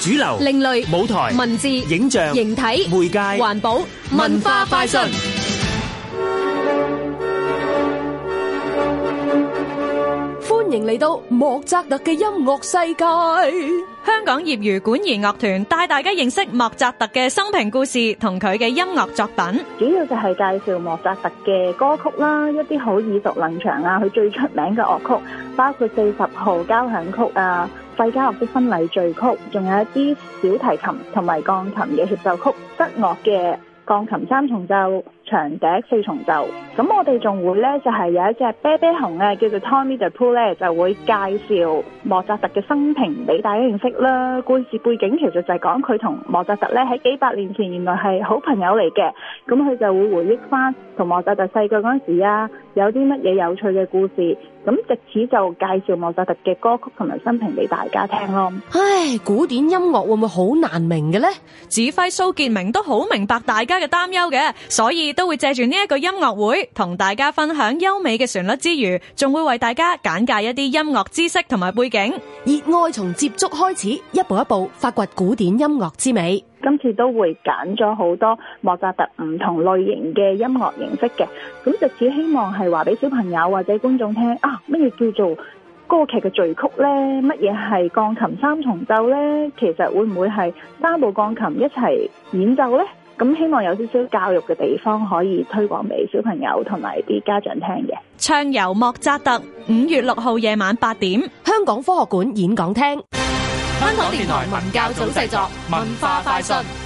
主流、另類、舞台、文字、影像、形體、媒介、環保、文化、快訊。歡迎嚟到莫扎特嘅音樂世界。香港業餘管弦樂團帶大家認識莫扎特嘅生平故事同佢嘅音樂作品。主要就係介紹莫扎特嘅歌曲啦，一啲好耳熟能詳啊，佢最出名嘅樂曲包括四十號交響曲啊、費加洛的婚禮序曲，仲有一啲小提琴同埋鋼琴嘅協奏曲、德樂嘅鋼琴三重奏。長笛四重奏，咁我哋仲會呢，就係有一隻啤啤熊咧，叫做 Tommy the Pooh 咧，就會介紹莫扎特嘅生平俾大家認識啦。故事背景其實就係講佢同莫扎特咧喺幾百年前，原來係好朋友嚟嘅。咁佢就會回憶翻同莫扎特細個嗰陣時啊，有啲乜嘢有趣嘅故事。咁直至就介紹莫扎特嘅歌曲同埋生平俾大家聽咯。唉，古典音樂會唔會好難明嘅呢？指揮蘇建明都好明白大家嘅擔憂嘅，所以。都會借住呢一個音樂會，同大家分享優美嘅旋律之餘，仲會為大家簡介一啲音樂知識同埋背景。熱愛從接觸開始，一步一步發掘古典音樂之美。今次都會揀咗好多莫扎特唔同類型嘅音樂形式嘅，咁就只希望係話俾小朋友或者觀眾聽啊，乜嘢叫做歌劇嘅序曲呢？乜嘢係鋼琴三重奏呢？其實會唔會係三部鋼琴一齊演奏呢？咁希望有少少教育嘅地方可以推廣俾小朋友同埋啲家長聽嘅。暢遊莫扎特，五月六號夜晚八點，香港科學館演講廳。香港電台文教組製作，文化快訊。